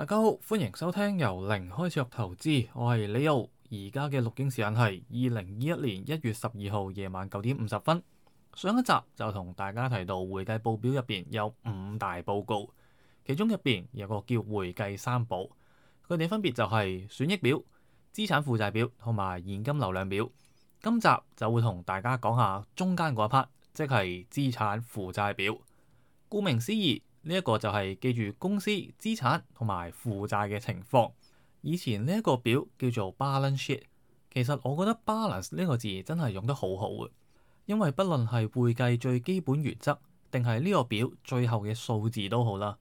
大家好，歡迎收聽由零開始學投資，我係李奧，而家嘅錄影時間係二零二一年一月十二號夜晚九點五十分。上一集就同大家提到，會計報表入邊有五大報告，其中入邊有個叫會計三寶，佢哋分別就係損益表、資產負債表同埋現金流量表。今集就會同大家講一下中間嗰一 part，即係資產負債表。顧名思義。呢一個就係記住公司資產同埋負債嘅情況。以前呢一個表叫做 balance sheet，其實我覺得 balance 呢個字真係用得好好嘅，因為不論係會計最基本原則，定係呢個表最後嘅數字都好啦，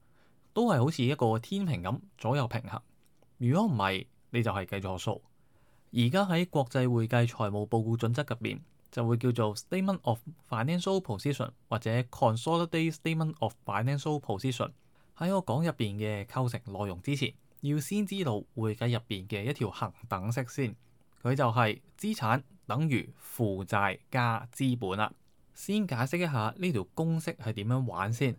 都係好似一個天平咁左右平衡。如果唔係，你就係計錯數。而家喺國際會計財務報告準則入面，就會叫做 statement of financial position 或者 consolidated statement of financial position。喺我講入邊嘅構成內容之前，要先知道會計入邊嘅一條恒等式先。佢就係資產等於負債加資本啦。先解釋一下呢條公式係點樣玩先。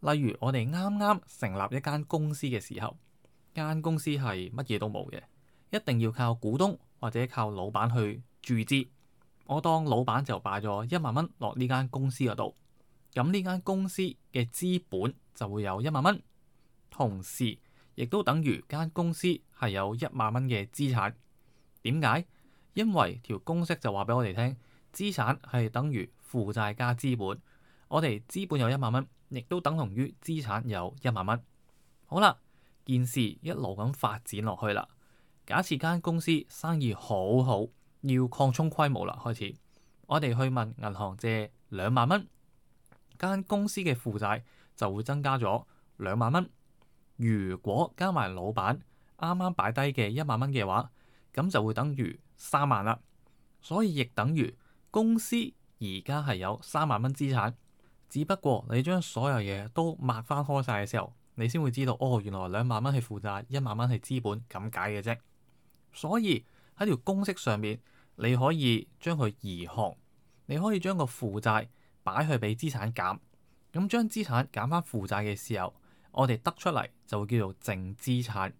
例如我哋啱啱成立一間公司嘅時候，間公司係乜嘢都冇嘅，一定要靠股東或者靠老闆去注資。我當老闆就擺咗一萬蚊落呢間公司嗰度，咁呢間公司嘅資本就會有一萬蚊，同時亦都等於間公司係有一萬蚊嘅資產。點解？因為條公式就話俾我哋聽，資產係等於負債加資本。我哋資本有一萬蚊，亦都等同於資產有一萬蚊。好啦，件事一路咁發展落去啦。假設間公司生意好好。要擴充規模啦，開始，我哋去問銀行借兩萬蚊，間公司嘅負債就會增加咗兩萬蚊。如果加埋老闆啱啱擺低嘅一萬蚊嘅話，咁就會等於三萬啦。所以亦等於公司而家係有三萬蚊資產。只不過你將所有嘢都抹返開晒嘅時候，你先會知道哦，原來兩萬蚊係負債，一萬蚊係資本咁解嘅啫。所以喺條公式上面，你可以將佢移項，你可以將個負債擺去俾資產減。咁將資產減翻負債嘅時候，我哋得出嚟就會叫做淨資產。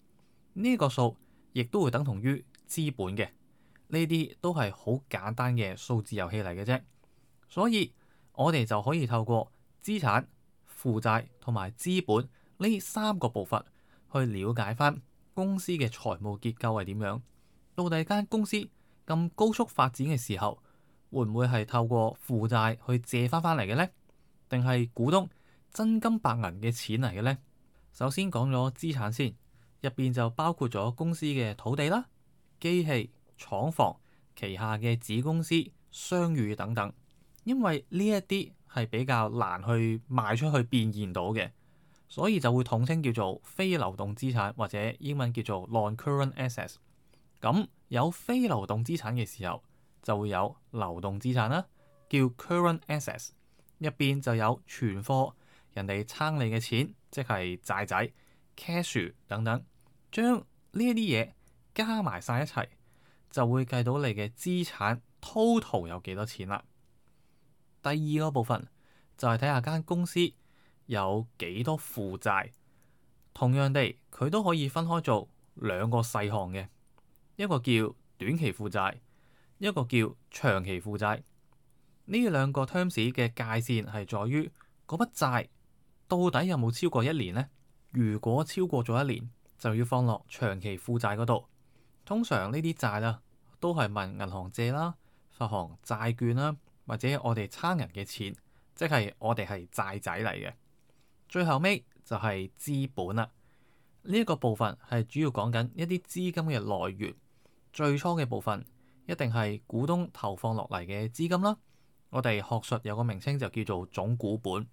呢個數亦都會等同於資本嘅。呢啲都係好簡單嘅數字遊戲嚟嘅啫。所以我哋就可以透過資產、負債同埋資本呢三個部分去了解翻公司嘅財務結構係點樣。到底間公司咁高速發展嘅時候，會唔會係透過負債去借翻翻嚟嘅呢？定係股東真金白銀嘅錢嚟嘅呢？首先講咗資產先，入邊就包括咗公司嘅土地啦、機器、廠房、旗下嘅子公司、商譽等等。因為呢一啲係比較難去賣出去變現到嘅，所以就會統稱叫做非流動資產，或者英文叫做 non-current assets。咁有非流動資產嘅時候，就會有流動資產啦，叫 current assets，入邊就有存貨，人哋撐你嘅錢，即係債仔 cash 等等，將呢一啲嘢，加埋晒一齊，就會計到你嘅資產 total 有幾多錢啦。第二個部分就係睇下間公司有幾多負債，同樣地，佢都可以分開做兩個細項嘅。一個叫短期負債，一個叫長期負債。呢兩個 terms 嘅界線係在於嗰筆債到底有冇超過一年呢？如果超過咗一年，就要放落長期負債嗰度。通常呢啲債啦，都係問銀行借啦、發行債券啦，或者我哋差銀嘅錢，即係我哋係債仔嚟嘅。最後尾就係資本啦。呢、這、一個部分係主要講緊一啲資金嘅來源。最初嘅部分一定係股東投放落嚟嘅資金啦，我哋學術有個名稱就叫做總股本。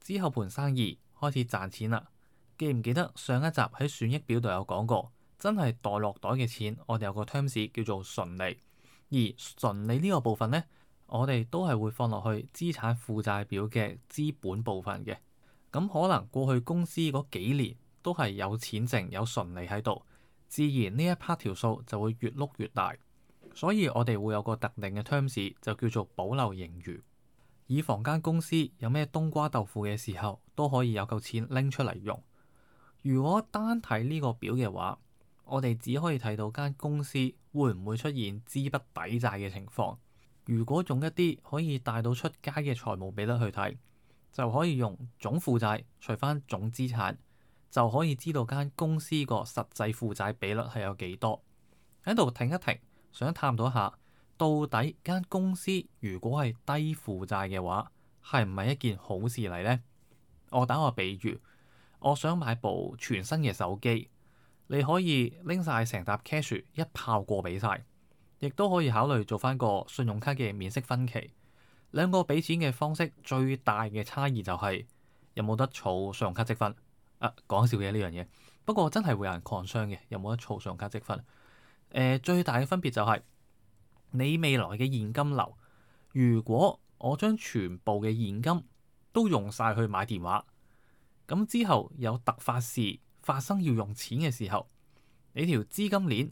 之後盤生意開始賺錢啦，記唔記得上一集喺損益表度有講過，真係袋落袋嘅錢，我哋有個 terms 叫做純利。而純利呢個部分咧，我哋都係會放落去資產負債表嘅資本部分嘅。咁可能過去公司嗰幾年都係有錢剩，有純利喺度。自然呢一 part 條數就會越碌越大，所以我哋會有個特定嘅 terms 就叫做保留盈餘，以防間公司有咩冬瓜豆腐嘅時候都可以有嚿錢拎出嚟用。如果單睇呢個表嘅話，我哋只可以睇到間公司會唔會出現資不抵債嘅情況。如果用一啲可以帶到出街嘅財務畀得去睇，就可以用總負債除返總資產。就可以知道間公司個實際負債比率係有幾多。喺度停一停，想探討下，到底間公司如果係低負債嘅話，係唔係一件好事嚟呢？我打個比喻，我想買部全新嘅手機，你可以拎晒成沓 cash 一炮過俾晒，亦都可以考慮做翻個信用卡嘅免息分期。兩個俾錢嘅方式最大嘅差異就係有冇得儲信用卡積分。啊，講笑嘅呢樣嘢。不過真係會有人擴商嘅，有冇得儲信用卡積分？誒、呃，最大嘅分別就係、是、你未來嘅現金流。如果我將全部嘅現金都用晒去買電話，咁之後有突發事發生要用錢嘅時候，你條資金鏈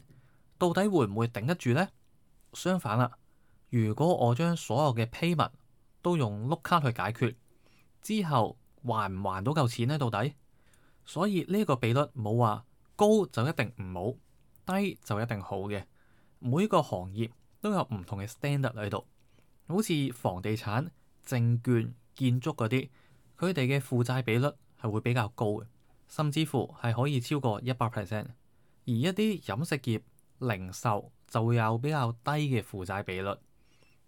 到底會唔會頂得住呢？相反啦，如果我將所有嘅 payment 都用碌卡去解決，之後還唔還到夠錢呢？到底？所以呢個比率冇話高就一定唔好，低就一定好嘅。每個行業都有唔同嘅 standard 喺度，好似房地產、證券、建築嗰啲，佢哋嘅負債比率係會比較高嘅，甚至乎係可以超過一百 percent。而一啲飲食業、零售就會有比較低嘅負債比率。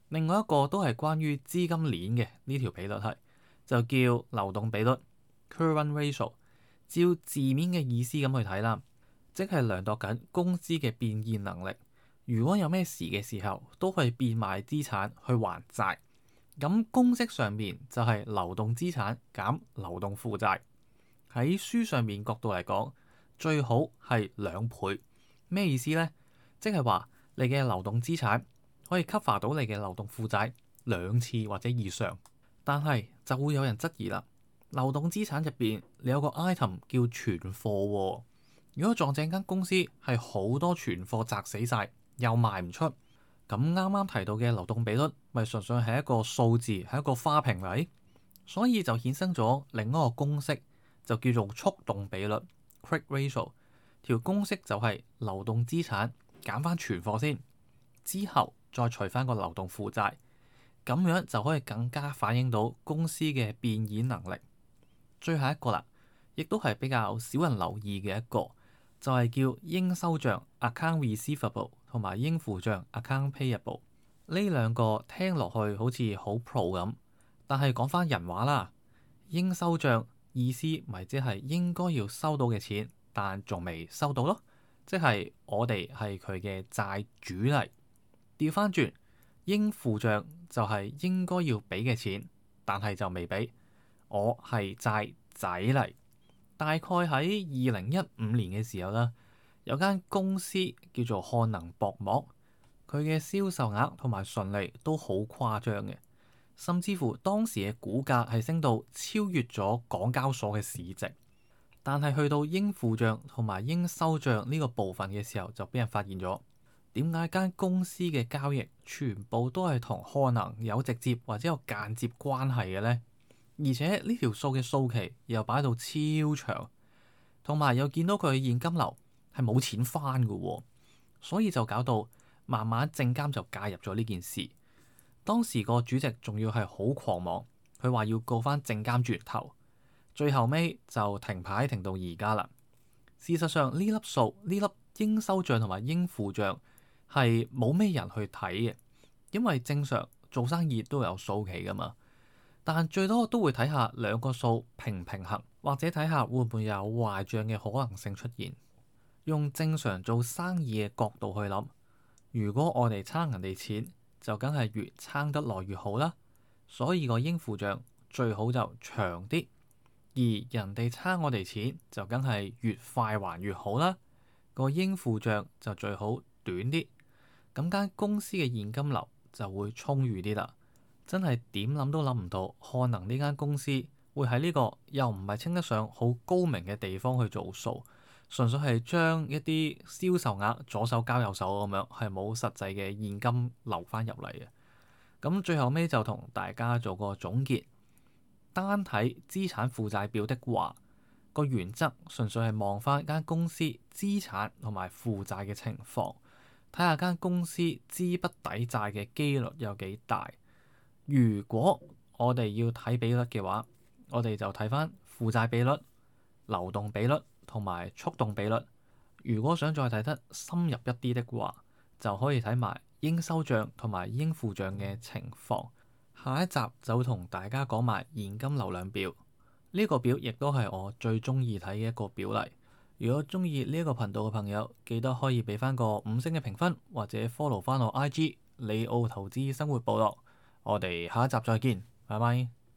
另外一個都係關於資金鏈嘅，呢條比率係就叫流動比率 （current ratio）。照字面嘅意思咁去睇啦，即係量度緊公司嘅變現能力。如果有咩事嘅時候，都可以變賣資產去還債。咁公式上面就係流動資產減流動負債。喺書上面角度嚟講，最好係兩倍。咩意思呢？即係話你嘅流動資產可以 cover 到你嘅流動負債兩次或者以上。但係就會有人質疑啦。流動資產入邊，你有個 item 叫存貨，哦。如果撞正間公司係好多存貨，砸死晒，又賣唔出，咁啱啱提到嘅流動比率咪純粹係一個數字，係一個花瓶嚟。所以就衍生咗另一個公式，就叫做速動比率 （Quick Ratio）。條公式就係流動資產減翻存貨先，之後再除翻個流動負債，咁樣就可以更加反映到公司嘅變現能力。最後一個啦，亦都係比較少人留意嘅一個，就係叫應收賬 （account receivable） 同埋應付賬 （account payable）。呢兩個聽落去好似好 pro 咁，但係講翻人話啦，應收賬意思咪即係應該要收到嘅錢，但仲未收到咯，即係我哋係佢嘅債主嚟。調翻轉，應付賬就係應該要俾嘅錢，但係就未俾。我係債仔嚟，大概喺二零一五年嘅時候啦，有間公司叫做漢能薄膜，佢嘅銷售額同埋純利都好誇張嘅，甚至乎當時嘅股價係升到超越咗港交所嘅市值。但係去到應付賬同埋應收賬呢個部分嘅時候，就俾人發現咗點解間公司嘅交易全部都係同漢能有直接或者有間接關係嘅咧？而且呢條數嘅數期又擺到超長，同埋又見到佢嘅現金流係冇錢翻嘅喎，所以就搞到慢慢證監就介入咗呢件事。當時個主席仲要係好狂妄，佢話要告翻證監轉頭，最後尾就停牌停到而家啦。事實上呢粒數呢粒應收賬同埋應付賬係冇咩人去睇嘅，因為正常做生意都有數期㗎嘛。但最多都會睇下兩個數平唔平衡，或者睇下會唔會有壞賬嘅可能性出現。用正常做生意嘅角度去諗，如果我哋差人哋錢，就梗係越差得耐越好啦。所以個應付賬最好就長啲，而人哋差我哋錢就梗係越快還越好啦。個應付賬就最好短啲，咁間公司嘅現金流就會充裕啲啦。真係點諗都諗唔到，可能呢間公司會喺呢個又唔係稱得上好高明嘅地方去做數，純粹係將一啲銷售額左手交右手咁樣，係冇實際嘅現金流翻入嚟嘅。咁最後尾就同大家做個總結。單睇資產負債表的話，個原則純粹係望翻間公司資產同埋負債嘅情況，睇下間公司資不抵債嘅機率有幾大。如果我哋要睇比率嘅話，我哋就睇翻負債比率、流動比率同埋速動比率。如果想再睇得深入一啲嘅話，就可以睇埋應收賬同埋應付賬嘅情況。下一集就同大家講埋現金流量表呢個表，亦都係我最中意睇嘅一個表嚟。如果中意呢一個頻道嘅朋友，記得可以俾翻個五星嘅評分，或者 follow 翻我 I G 李奧投資生活部落。我哋下一集再見，拜拜。